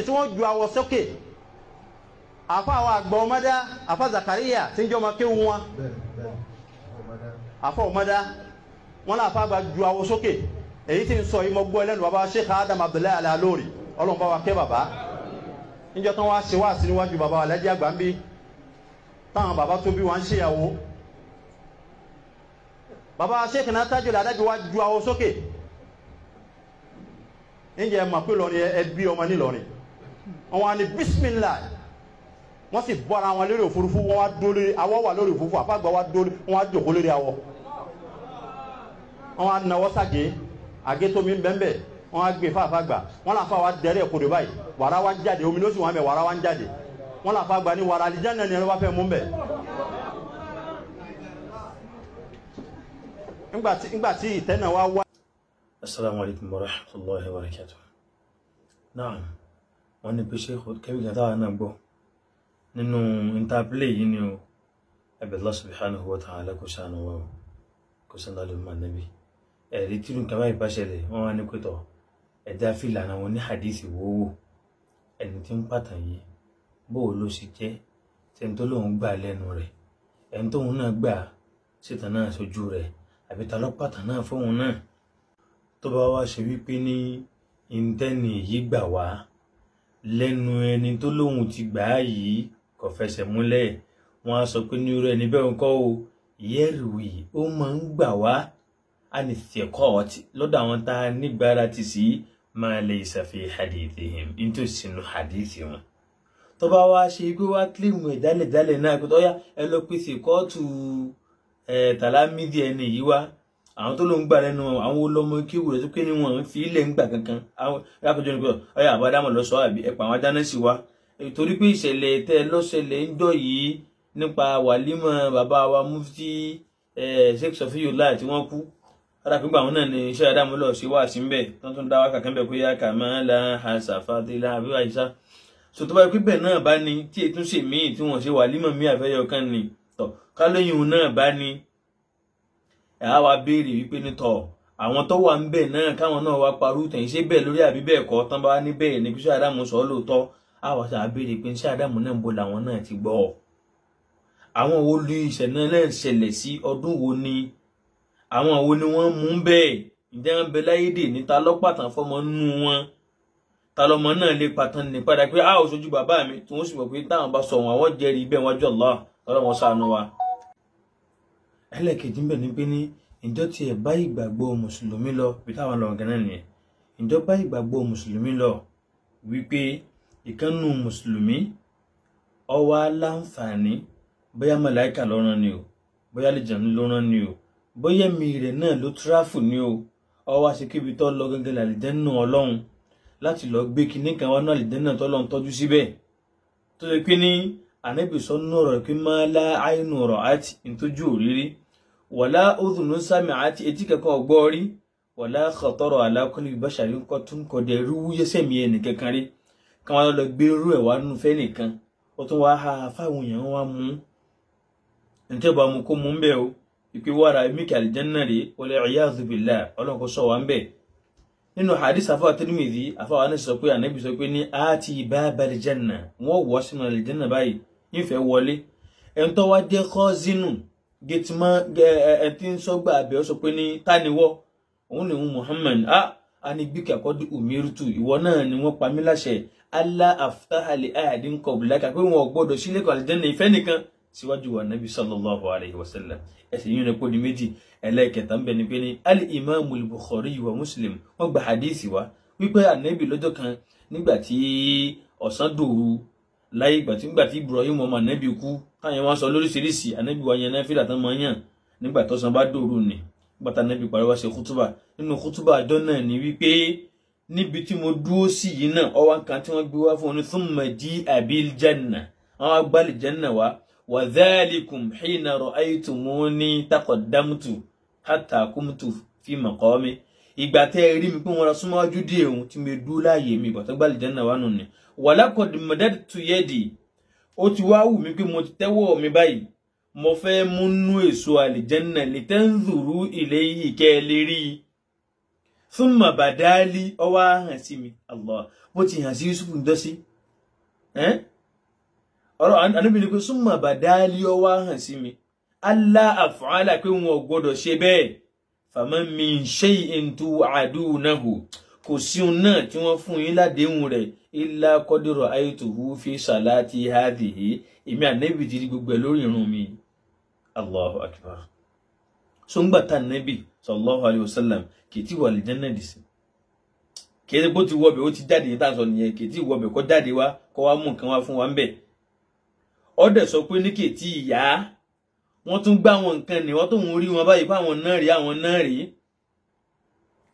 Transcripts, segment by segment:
méjì tí wọ́n ju awọ sókè àfa àwọn àgbà ọmọdá àfa Zakaria tí ń jẹ́ ọmọ kéwu wọn àfa ọmọdá wọn náà àfa àgbà ju awọ sókè èyí tí ń sọ yìí mọ gbọ́ ẹlẹ́nu bàbá Sheikh Adam Abdullahi Al-Alori ọlọ́mọba wa kẹ́ bàbá níjọ́ tán wá ṣe wá sí níwájú bàbá wa lẹ́jẹ́ àgbà ń bí táwọn bàbá tó bí wọn ń ṣèyàwó bàbá Sheikh náà tájù làdájú wá ju awọ sókè ǹjẹ́ ẹ mọ̀ pé lọ́rin ẹ bí ọmọ nílọrin wọn wá ní bísímìlá wọ́n sì bọ́ ara wọn lórí òfurufú wọ́n wá dó lórí awọ wà lórí òfurufú àfàgbà wá dó wọ́n wá jòkó lórí awọ wọ́n wá nawọ́ sàgé àgé tómi bẹ́ẹ̀ wọ́n wá gbé fàfàgbà wọ́n làfa wa dẹ́rẹ́ kodò báyìí wàrà wa ń jáde omi lóṣù wọn bẹ̀ wàrà wa ń jáde wọ́n làfa gba ni wàrà àlìjá nàní ẹni wá fẹ́ mú bẹ̀. ńgbà tí ìtẹ́ wá asalaamualeykum wa rahmatulahi wa barakatuh. naam wọ́n ní pé ṣé kẹ́míkà táwa náà gbọ́ nínú interplay yìí ni o ẹ̀bẹ̀ Allah subhanahu wa ta'ala kò ṣàánú wa o kò sánú àlùmọ́ ànábì ẹ̀rí tírun kí a máa bá ṣẹlẹ̀ wọ́n wá ní pẹ̀tọ̀ ẹ̀dá fìlànà wọn ní hadith wọ́wọ́ ẹni tí ń pàtàn yìí bóò ló ṣe jẹ́ tẹ́ni tó lóun gbà lẹ́nu rẹ̀ ẹni tóun náà gbà síta náà sojú rẹ̀ àbí ta lọ́pàtàn náà fóun náà tó bá wá ṣe wípé ní ìńtẹ́ni yìí gbà wá lẹ́nu ẹni tó lóun ti gbà á yìí kò fẹsẹ̀ múlẹ̀ wọ́n á sọ pé ní irú ẹni bẹ́ẹ̀ ń kọ́ o yẹ́rìwì ó máa ń gbà wá anìtẹ̀kọ́t lọ́dọ̀ àwọn tá a nígbára ti sí máa lè ṣàfi hadithihim nítorí sínú hadithi wọn. tó bá wá ṣe pé wá kílìmù ẹ̀ jálẹ̀jálẹ̀ náà pé tọ́yà ẹ lọ pèsè kóòtù ẹ̀ tàlámídìí ẹni yìí wá àwọn tó ló ń gbà lẹ́nu àwọn olọmọ kíwù rẹ tó pé ní wọn fi ilẹ̀ ń gbà kankan lápẹjọ nípa ọyà àbádámọ̀ lọ́sọ̀ àbí ẹ̀pà àwọn adánáṣì wa torí pé ìṣẹ̀lẹ̀ tẹ́ ẹ lọ́sẹ̀lẹ̀ ń dọ̀ yìí nípa wàlímọ̀ bàbá wa mufti Sheikh Sofiyullah tí wọ́n kú arákùnrin àwọn náà ni iṣẹ́ adámọ̀ lọ sí wá sí ń bẹ̀ tó tún dá wákà kan bẹ̀ pé yá kà máa la àṣàfàdélà àbí àyíṣà so tó bá pé bẹ́ẹ̀ náà bá ní tí ètúnṣe míì tí wọ́n ṣe wàlímọ̀ míì àfẹ́yọ̀ kan ni tọ̀ kálóyún ẹ̀ á wá béèrè wípé nítọ̀ àwọn tó wà ń bẹ̀ náà káwọn náà wá parú tẹ̀ ń ṣe bẹ́ẹ̀ lórí àbí bẹ́ẹ̀ kọ́ tán bá ní bẹ́ẹ̀ ni bí ṣé àdàmú sọ lóòótọ́ á wá ṣáà béèrè pé ṣé àdàmú náà ń bo làwọn náà ti gbọ́ àwọn wo lu ìṣẹ̀lẹ̀ náà ṣẹlẹ̀ sí ọdún wo ni àwọn wo ni wọ́n mú bẹ́ẹ̀ ǹjẹ́ ń bẹ láyé dè níta lọ́pàtàn fọmọ nínú wọn ta lọmọ náà lè pàtàn ní padà pé a ò sojú bàbá mi tí wọ́n sì mọ̀ pé táwọn bá sọ wọn àwọn jẹ́rìí bẹ́ẹ̀ wájú Allah ọlọ́wọ́n ṣàánú wa ẹlẹ́ẹ̀kejì ń bẹ ní pé ní ìjọ tí ẹ̀ bá ìgbàgbọ́ mùsùlùmí lọ bí táwọn lọ gan-an nìyẹn ìjọ bá ìgbàgbọ́ mùsùlùmí lọ wípé ìkànnù mùsùlùmí ó wà láǹfààní bóyá màláìkà lọ́rán ni o bóyá àlùjànnú lọ́rán ni o bóyá ẹ̀mí rẹ̀ náà ló tíráfù ni o ó wá tó lọ gangan làlìjẹ́nà ọlọ́run láti lọ gbé kinní kan wá náà lìjẹ́nà tó lọ́n tọ́jú síbẹ̀ tó ṣe pé ní ànábì sọ nínú ọ̀rọ̀ pé má lá àìnú ọ̀rọ̀ àti ìtọ́jú òrírí wàlá òdùnú sàmì àti etí kankan ọgbọ́ rí wàlá kọ̀tọ́rọ̀ alákọ́lẹ̀ ìbáṣàrí kọ́ tó ń kọ́dẹ̀ rú yẹ́sẹ̀mí ẹnì kankan rí káwọn lọ gbé rú ẹ̀ wá nù fẹ́ nìkan ó tún wá ha fáwọn èèyàn wá mú ǹtẹ́ bá mu kó mú bẹ́ẹ̀ o ìpè wàrà míkì àlìjẹ́nà rèé wọlé ọ̀yá àzùbìlà ọlọ́kọ̀ sọ wá ń bẹ̀ nínú hadith afáwà Tirmidhi afáwà sọ pé ànábì sọ pé ní àti bá balìjẹ́nà wọ́n wọ́ sínú àlìjẹ́nà báyìí ìfẹ́ wọlé ẹni tó wá jẹ́ kọ́sínù gẹtìmọ́ ẹni tí ń sọ́gbà abẹ́ ọ sọ pé ní tániwọ́ òun ni Muhammad ah, a anigbika kọ́dí umirtu ìwọ náà ni wọ́n pa mí láṣẹ allah aftahali ahadin qablaka pé wọn gbọ́dọ̀ sílẹ̀ kọ́ àlìjẹ́nà ìfẹ́ nìkan síwájú wa nabi sallallahu alayhi wa sallam ẹsẹ̀ yìí ni kò di méjì ẹlẹ́ẹ̀kẹta ń bẹ ni pé ní ali imaamu bukhari wa muslim wọ́n gba hadisi wa wípé anabi lọ́jọ́ kan nígbà ọ̀sán dòru láyé ìgbà tí ńgbà tí Ibrahim ọmọ ànábì kú táyẹn wá sọ lóríṣiríṣi ànábì wa yẹn náfìlà tán máa yàn nígbà tó san bá dòru ni nígbà tá ànábì parí wá ṣe kútúbà nínú kútúbà àjọ náà ni wípé níbi tí mo dúró sí yìí náà ọwọ́ kan tí wọ́n gbé wá fún un ní thumma ji abil janna àwọn agbálẹ̀ janna wa wa dhalikum hina ra'aytumuni taqaddamtu hatta kumtu fi maqami ìgbà tẹ́ ẹ rí mi pé wọ́n ra súnmọ́jú díẹ̀ òun tí mi dúró láàyè mi ìgbà tó gbà lìjẹ́ náà wà nù ni wàlákọ̀dì mọ̀dẹ́dì tu yẹ́dì ó ti wá wù mí pé mo ti tẹ́wọ́ mi báyìí mo fẹ́ mú nú èso àlìjẹ́nà ní tẹ́ńzùrú ilé yìí kẹ́ ẹ lè rí i fún màbàdáálí ọwọ́ hàn sí mi Allah bó ti hàn sí Yusuf ń dọ́sí ọ̀rọ̀ ànábìnrin pé sún màbàdáálí ọwọ́ hàn sí mi Allah àfọ̀hálà pé wọn ò gbọ́dọ̀ ṣe bẹ́ẹ̀ fàmọ́ mi ń ṣe ìntú àdúrà náà hù kò sí òun náà tí wọ́n fún yín ládéhùn rẹ̀ ilá kọ́dọ̀rọ̀ ayétòhù fi ṣàláàtì hádìhì èmi ànẹ́bì ti di gbogbo ẹ̀ lórí irun mi allahu akbar so ngbà tá ànẹ́bì sallallahu alayhi wa sallam kì wà lè jẹ́nà dì sí bó ti wọbẹ̀ ó ti jáde yìí tá à sọ nìyẹn kì í kó jáde wá kó wá mú nǹkan wá fún wa ń bẹ̀ ọ́ sọ pé ní kì í wọ́n tún gbá àwọn nǹkan ní wọ́n tó ń rí wọn báyìí pé àwọn náà rí àwọn náà rí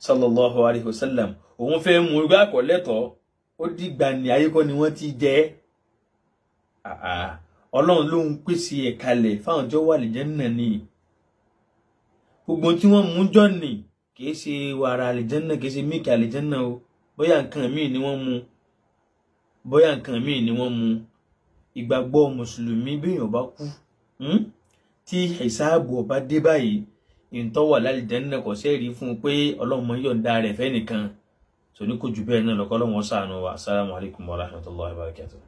sallallahu alayhi wa sallam òun fẹ́ mú irú àkọ́lẹ́tọ̀ ó dìgbà ní ayé ni wọ́n ti jẹ́ ọlọ́run ló pèsè ẹ̀ka lẹ̀ fáwọn jọ wà lè jẹ́ nà ni gbogbo tí wọ́n mú jọ nì kìí ṣe wàrà àlìjẹ́nà kìí ṣe míìkì àlìjẹ́nà o bóyá nǹkan míì ni wọ́n mu bóyá nǹkan míì ni wọ́n mu ìgbàgbọ́ mùsùlùmí bí èèyàn bá kú. Hmm? tí ìsáàbù ọba dé báyìí ìtọ́wà lálìjẹ́nà kò sẹ́ẹ̀rí fún un pé ọlọ́mọ yọ̀ǹda rẹ̀ fẹ́nìkan tòní kò jù bẹ́ẹ̀ náà lọ́kọ́ lọ́wọ́ sànù wa assalamu alaikum warahmatullahi wabarakatuh